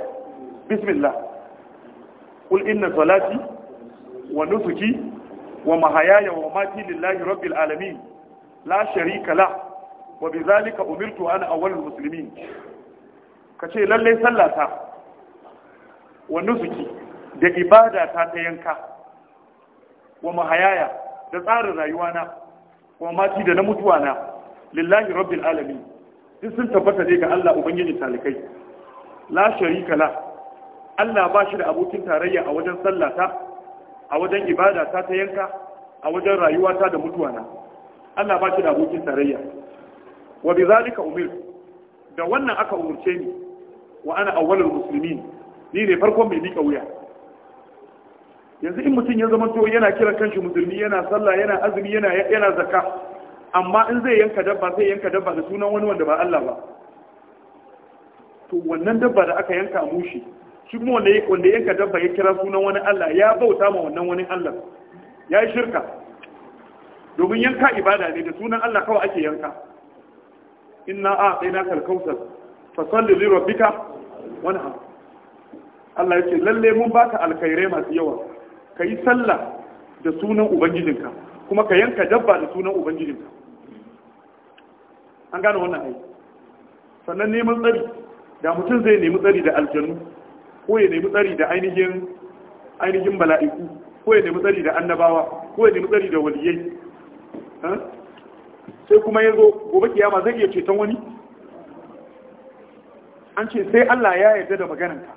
bismillah qul inna salati wa nusuki wa mahayaya wa mamati lillahi rabbil alamin la sharika la wa bi zalika umirtu ana awwalul muslimin kace lallai sallata wa da ibada ta ta yanka wa mahayaya da tsarin rayuwana wa mati da na mutuwa na lillahi rabbil alamin duk sun tabbata ne ga Allah ubangiji talikai la sharika la Allah ba shi da abokin tarayya a wajen sallata a wajen ibada ta ta yanka a wajen rayuwata da mutuwa na Allah ba shi da abokin tarayya wa bi zalika umir da wannan aka umurce ni wa ana awwalul muslimin ni ne farkon mai mika wuya yanzu in mutum ya zama to yana kiran kanshi musulmi yana sallah yana azumi yana yana zakka amma in zai yanka dabba zai yanka dabba da sunan wani wanda ba Allah ba to wannan dabba da aka yanka a mushi shi kuma wanda yanka dabba ya kira sunan wani Allah ya bauta ma wannan wani Allah ya yi shirka domin yanka ibada ne da sunan Allah kawai ake yanka inna a tsaye na kalkautar fasalli lirwa bika wani ha Allah yake lalle mun ba ka alkhairai masu yawa ka yi sallah da sunan ubangijinka kuma ka yanka dabba da sunan ubangijinka an gane wannan aiki sannan neman tsari da mutum zai nemi tsari da aljanu ko ya nemi tsari da ainihin ainihin bala'iku ko ya nemi tsari da annabawa ko ya nemi tsari da waliyai sai kuma ya zo gobe kiyama zai iya ceton wani an ce sai Allah ya yarda da maganarka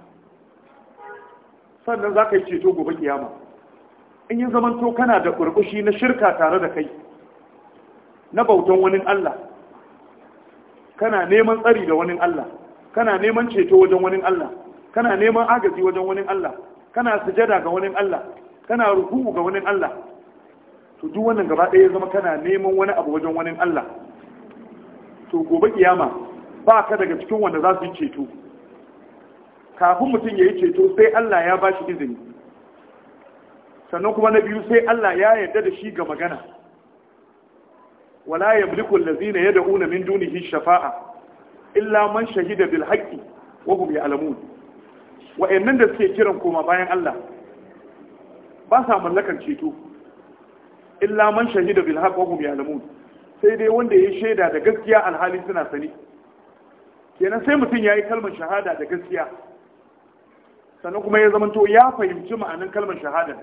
sannan za ka yi ceto gobe kiyama in yi zamanto kana da ƙurƙushi na shirka tare da kai na bautan wani Allah kana neman tsari da wani Allah kana neman ceto wajen wani Allah kana neman agaji wajen wani Allah kana sujada ga wani Allah kana ruku'u ga wani Allah to duk wannan gaba ɗaya zama kana neman wani abu wajen wani Allah to gobe kiyama ba ka daga cikin wanda za su yi ceto kafin mutum ya yi ceto sai Allah ya ba shi izini sannan kuma na biyu sai Allah ya yarda da shi ga magana wala yamliku allazina yad'una min dunihi shafa'a illa man shahida bil haqqi wa hum ya'lamun wa'annan da suke kiran koma bayan Allah ba sa mallakar ceto illa man shahida bil haqq wa hum ya'lamun sai dai wanda ya shaida da gaskiya alhali suna sani kenan sai mutum yayi kalmar shahada da gaskiya sannan kuma ya zamanto ya fahimci ma'anan kalmar shahada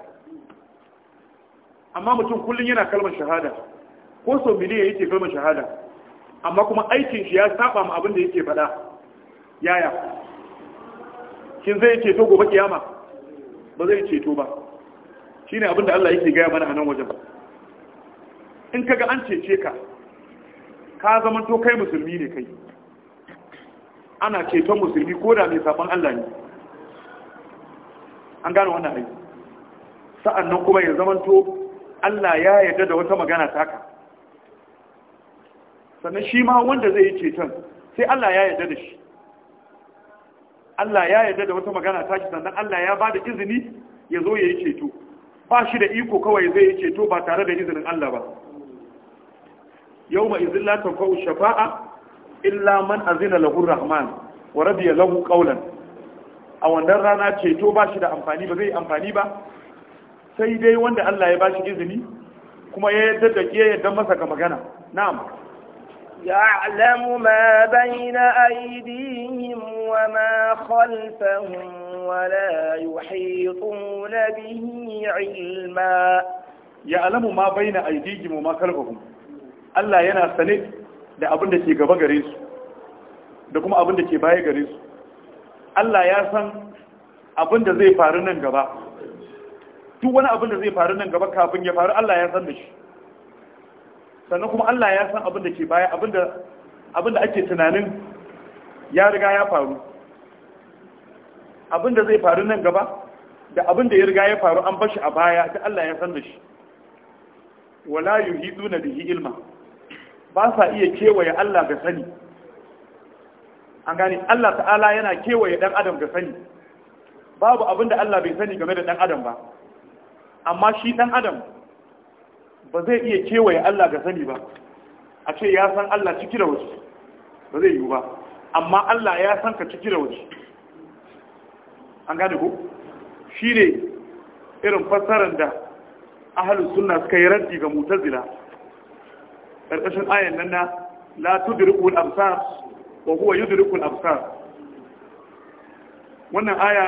amma mutum kullum yana kalmar shahada ko sau miliyan yake kalmar shahada amma kuma aikin shi ya saba ma abin da yake faɗa yaya shin zai ceto gobe kiyama ba zai ceto ba shine abin da Allah yake gaya mana a nan wajen in kaga an cece ka ka zama to kai musulmi ne kai ana ceton musulmi ko da mai sabon Allah ne an gano wannan aiki sa'annan kuma ya zama to Allah ya yarda da wata magana taka sannan shi ma wanda zai yi ceton sai Allah ya yarda da shi Allah ya yarda da wata magana tashi sannan Allah ya ba da izini ya zo ya yi ceto ba shi da iko kawai zai yi ceto ba tare da izinin Allah ba yau ma izin lata kawo shafa'a illa man azina lagun rahman wa radiya lahu qawlan a wannan rana ceto ba shi da amfani ba zai amfani ba sai dai wanda Allah ya bashi izini kuma ya yadda da ke yadda masa ga magana na'am يعلم ما بين أيديهم وما خلفهم ولا يحيطون به علما يعلم ما بين أيديهم وما خلفهم Allah yana sane da abin da ke gaba gare su da kuma abin da ke baya gare su Allah ya san abin da zai faru nan gaba duk wani abin da zai faru nan gaba kafin ya faru Allah ya san da shi sannan kuma Allah ya san abin da ke baya abin da ake tunanin ya riga ya faru abin da zai faru nan gaba da abin da ya riga ya faru an bashi a baya ta Allah ya san da shi wala yuhiduna bihi ilma ba sa iya kewaye Allah ga sani an gane Allah ta'ala yana kewaye dan adam ga sani babu abin da Allah bai sani game da dan adam ba amma shi dan adam ba zai iya kewaye Allah ga sani ba a ce ya san Allah ciki da waje ba zai yiwu ba amma Allah ya san ka ciki da waje an gane ko. shi ne irin fassarar da ahalus sunna suka yi raddi ga mutazila ƙarƙashin ayan nan na la tudrikul absar wa huwa yudrikul absar wannan aya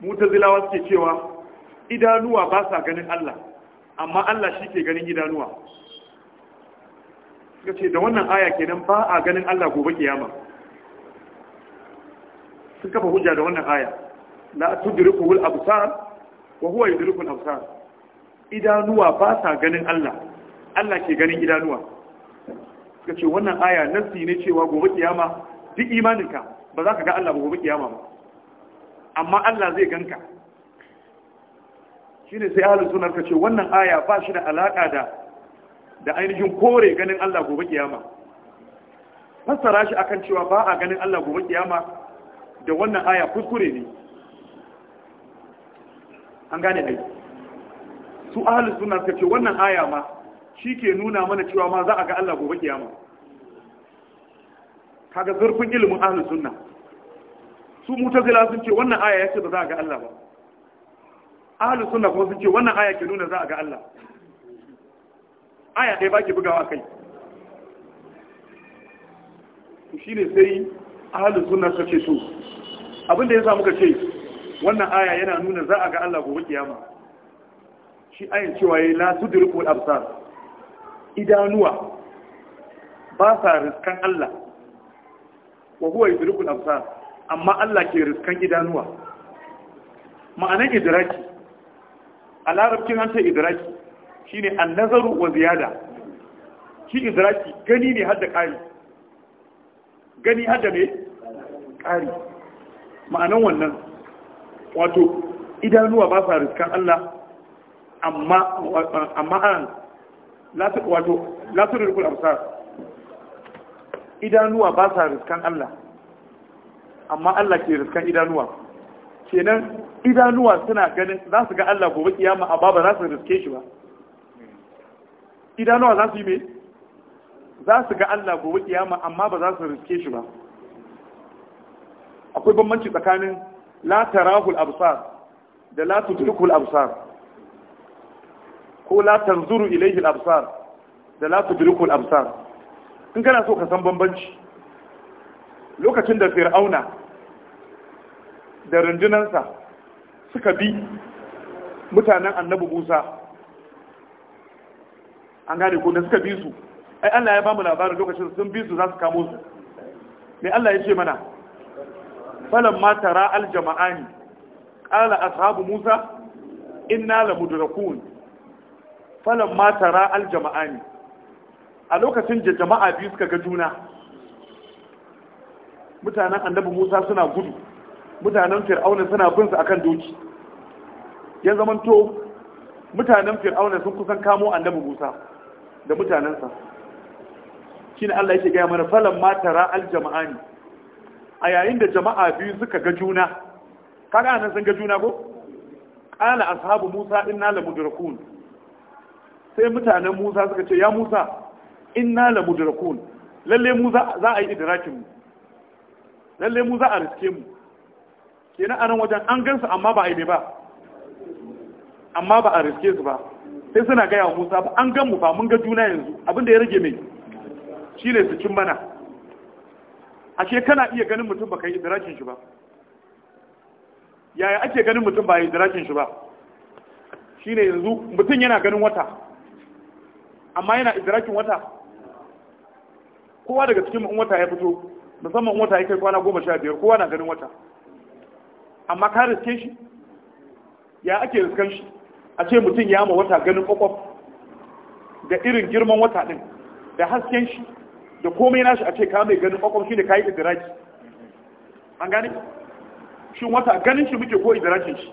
mutazilawa suke cewa idanuwa ba sa ganin Allah amma Allah shi ke ganin idanuwa suka ce da wannan aya kenan ba a ganin Allah gobe kiyama sun kafa hujja da wannan aya la tudrikuhul absar wa huwa yudrikul absar idanuwa ba sa ganin Allah Allah ke ganin idanuwa suka ce wannan aya nasi ne cewa gobe kiyama duk imaninka ba za ka ga Allah ba gobe kiyama ba amma Allah zai ganka shine sai ahlus sunna ka ce wannan aya ba shi da alaka da da ainihin kore ganin Allah gobe kiyama fassara shi akan cewa ba a ganin Allah gobe kiyama da wannan aya kuskure ne an gane dai su ahlus sunna ka ce wannan aya ma shi ke nuna mana cewa ma za a ga Allah gobe kiyama kaga zurfin ilimin ahlus sunna su mutazila sun ce wannan aya yace ba za a ga Allah ba ahlus sunna kuma sun ce wannan aya ke nuna za a ga Allah aya ɗaya baki bugawa kai shi ne sai ahalin suna ta ce so abinda ya sa muka ce wannan aya yana nuna za a ga Allah gobe kiyama shi ayin cewa ya la tudrikul absar idanuwa ba sa riskan Allah wa huwa yudrikul absar amma Allah ke riskan idanuwa ma'anar idraki a larabcin an idraki shine an-nazaru wa ziyada shi idraki gani ne har da ƙari gani hadda ne kari ma'anan wannan wato idanuwa ba sa riskan Allah amma amma wato lasirin rikul amsar idanuwa ba sa riskan Allah amma Allah ke riskan idanuwa kenan idanuwa suna ganin za su ga Allah gobe kiyama a baba za su riske shi ba idanuwa za su yi mai za su ga Allah gobe kiyama amma ba za su riske shi ba akwai bambanci tsakanin la tarahul absar da la tudrikul absar ko la tanzuru ilayhi al-absar da la tudriku al-absar in kana so ka san bambanci lokacin da fir'auna da rundunansa suka bi mutanen annabi Musa an gane ko da suka bi su ai Allah ya ba mu labarin lokacin sun bi su za su kamo su me Allah ya ce mana falam ma tara aljama'ani qala ashabu Musa inna mudrakun falon matara aljama'a ne a lokacin da jama'a biyu suka ga juna mutanen annabi musa suna gudu mutanen fir'auna suna bin su akan doki ya to mutanen fir'auna sun kusan kamo annabi musa da mutanensa shi ne allah yake gaya mana falon matara aljama'a ne a yayin da jama'a biyu suka ga juna kaga anan sun ga juna ko Ƙana ashabu musa inna mudrakun sai mutanen Musa suka ce ya Musa inna la mudrakun lalle mu za a yi idrakin mu lalle mu za a riske mu kenan anan wajen an gansu amma ba a yi ba amma ba a riske su ba sai suna gaya wa Musa ba an gan mu ba mun ga juna yanzu abinda ya rage mai shine su cin mana ashe kana iya ganin mutum ba yi idrakin shi ba yaya ake ganin mutum ba yi idrakin shi ba shine yanzu mutum yana ganin wata amma yana idrakin wata kowa daga cikin mu wata ya fito musamman wata ya kai kwana goma sha biyar kowa na ganin wata amma ka riske shi ya ake riskan shi a ce mutum ya ma wata ganin kwakwaf da irin girman wata din da hasken shi da komai nashi a ce ka mai ganin kwakwaf shine kai ka idiraki an gane shi wata ganin shi muke ko idirakin shi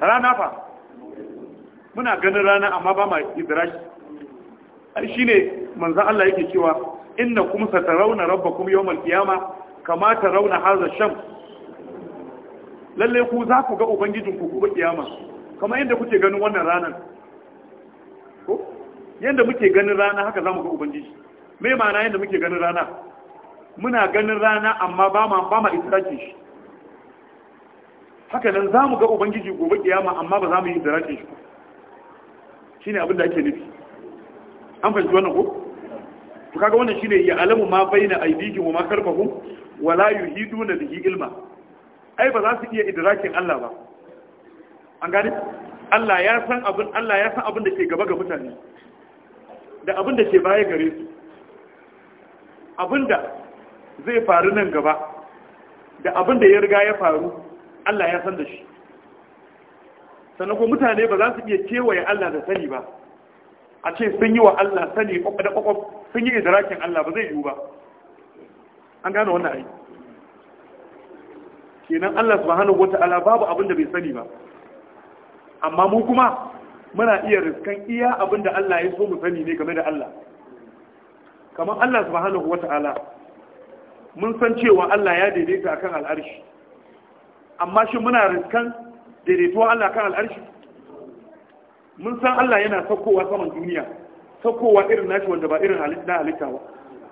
rana fa muna ganin rana amma ba ma idiraki ai shine manzan Allah yake cewa inna rauna Rabba kuma yawon qiyama kama rauna haza sham lalle ku za ku ga ubangijin ku gobe kiyama kamar yadda kuke ganin wannan ranar ko yadda muke ganin rana haka za mu ga ubangiji me mana yadda muke ganin rana muna ganin rana amma ba ma ba ma idrakin shi haka nan za mu ga ubangiji gobe kiyama amma ba za mu yi idrakin shi shine abin da ake nufi an fahimci wannan ko to kaga wannan shine ya alamu ma baina aidihim wa ma khalfahum wa la yuhiduna bihi ilma ai ba za su iya idrakin Allah ba an gane Allah ya san abin Allah ya san abin da ke gaba ga mutane da abin da ke baya gare su abin da zai faru nan gaba da abin da ya riga ya faru Allah ya san da shi sannan ko mutane ba za su iya kewaye Allah da sani ba a ce sun yi wa Allah sani da kwakwaf sun yi idrakin Allah ba zai yiwu ba an gane wannan ai kenan Allah wata ala babu abin da bai sani ba amma mu kuma muna iya riskan iya abin da Allah ya so mu sani ne game da Allah kamar Allah wata ala mun san cewa Allah ya daidaita kan al'arshi amma shi muna riskan daidaituwa Allah kan al'arshi mun san Allah yana saukowa saman duniya saukowa irin nashi wanda ba irin na halitta ba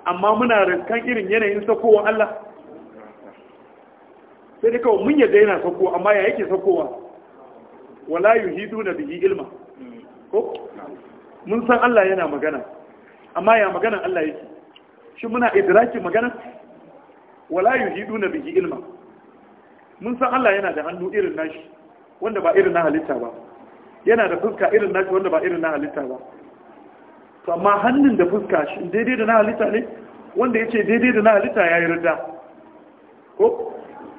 amma muna rinkan irin yanayin saukowa Allah sai dai kawai mun yadda yana saukowa amma ya yake saukowa wala yuhidu na bihi ilma ko mun san Allah yana magana amma ya magana Allah yake shi muna idraki magana wala yuhidu na bihi ilma mun san Allah yana da hannu irin nashi wanda ba irin na halitta ba yana da fuska irin nashi wanda ba irin na halitta ba to amma hannun da fuska shi daidai da na halitta ne wanda yace daidai da na halitta yayi rida ko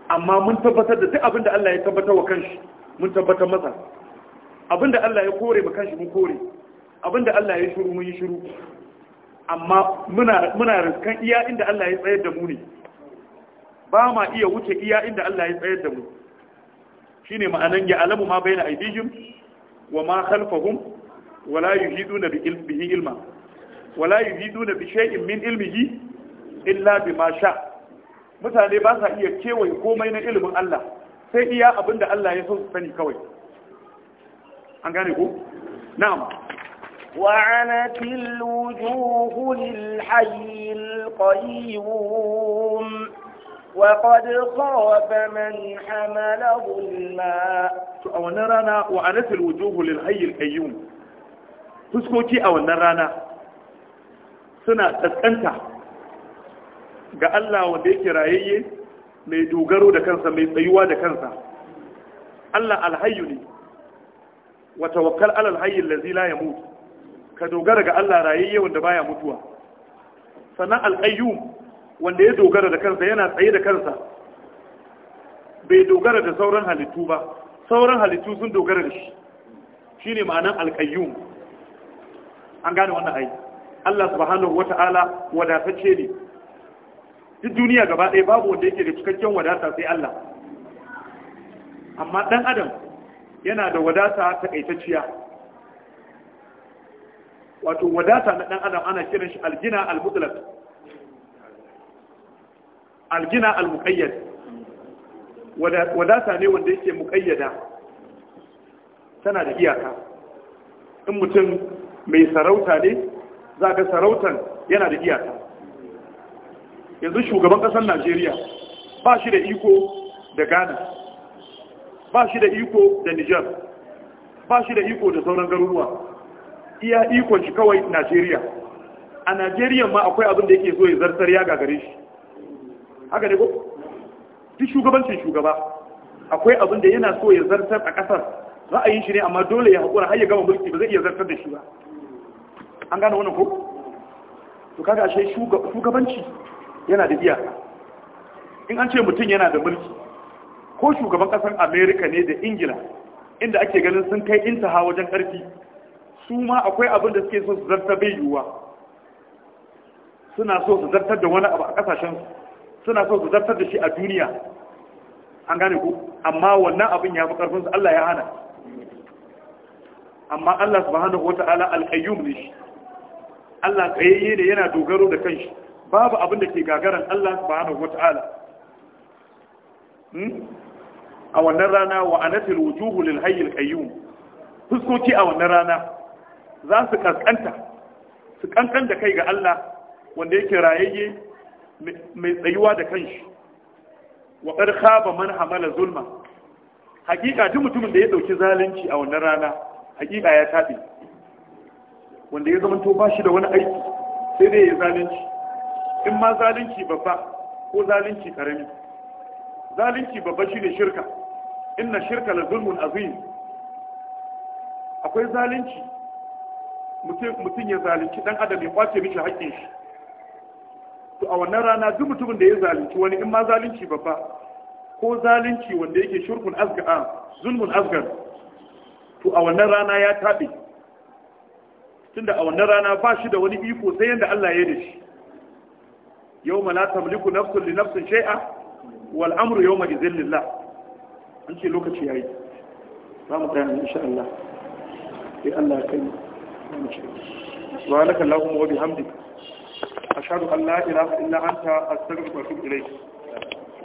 amma mun tabbatar da duk abin da Allah ya tabbatar wa kanshi mun tabbatar masa abin da Allah ya kore ba kanshi mun kore abin da Allah ya shiru mun yi shiru amma muna muna riskan iya inda Allah ya tsayar da mu ne ba ma iya wuce iya inda Allah ya tsayar da mu shine ma'anan ya alamu ma baina aidihim wa ma khalfahum wala yuhiduna bihi ilma wala yuhiduna bi shay'in min ilmihi illa mutane ba sa iya kewaye komai na ilimin Allah sai iya da Allah ya so su sani kawai an gane ku na'am وعنت الوجوه للحي القيوم وقد خاب من حمل ظلما to a wannan rana wa anatil wujuhu lil hayyil fuskoki a wannan rana suna tsakanta ga Allah wanda yake rayayye mai dogaro da kansa mai tsayuwa da kansa Allah alhayyu ne wa tawakkal ala hayyil ladzi la yamut ka dogara ga Allah rayayye wanda baya mutuwa sannan alqayyum wanda ya dogara da kansa yana tsaye da kansa bai dogara da sauran halittu ba sauran halittu sun dogara da shi shi ne ma'anan alkayyum an gane wannan ai Allah subhanahu wa ta'ala wadatacce ne duk duniya gaba ɗaya babu wanda yake da cikakken wadata sai Allah amma ɗan adam yana da wadata takaitacciya wato wadata na ɗan adam ana kiran shi algina al-mutlaq algina al wadata ne wanda yake muƙayyada tana da iyaka in mutum mai sarauta ne za ga sarautar yana da iyaka yanzu shugaban ƙasar najeriya ba shi da iko da ghana ba shi da iko da Niger, ba shi da iko da sauran garuruwa iya ikon shi kawai najeriya a najeriya ma akwai abin da yake so ya zartar ya gagare shi haka ne ko duk shugabancin shugaba akwai abin da yana so ya zartar a ƙasar ra'ayin shi ne amma dole ya haƙura har ya gama mulki ba zai iya zartar da shi ba an gane wannan ko to kaga ashe shugabanci yana da biya in an ce mutum yana da mulki ko shugaban ƙasar america ne da ingila inda ake ganin sun kai intaha wajen ƙarfi su ma akwai abin da suke so su zartar bai yiwuwa suna so su zartar da wani abu a ƙasashensu suna so su zartar da shi a duniya an gane ku amma wannan abin ya fi karfin su Allah ya hana amma Allah subhanahu wata'ala al-qayyum ne shi Allah tsayayye ne yana dogaro da kanshi babu abin da ke gagaran Allah subhanahu ala. Hmm? a wannan rana wa anatil wujuhu lil fuskoci fuskoki a wannan rana za su kaskanta su kankan da kai ga Allah wanda yake rayayye mai tsayuwa da kanshi wa ƙarƙa ba man hamala zulma hakika duk mutumin da ya ɗauki zalunci a wannan rana hakika ya tabe wanda ya zamanto ba shi da wani aiki sai dai ya zalunci in ma zalunci babba ko zalunci karami zalunci babba shine shirka inna shirka la zulmun azim akwai zalunci mutum ya zalunci dan adam ya kwace mishi haƙƙin shi to a wannan rana duk mutumin da ya zalunci wani in ma zalunci babba ko zalunci wanda yake shirkun azga'a zulmun azgar to a wannan rana ya tabe tunda a wannan rana ba shi da wani iko sai yanda Allah ya da shi yau ma la tamliku nafsun li nafsin shay'a wal amru yawma idzin lillah an ce lokaci yayi za mu kai insha Allah sai Allah ya kai mu wa laka Allahumma wa bihamdika أشهد أن لا إله إلا أنت أستغفرك إليك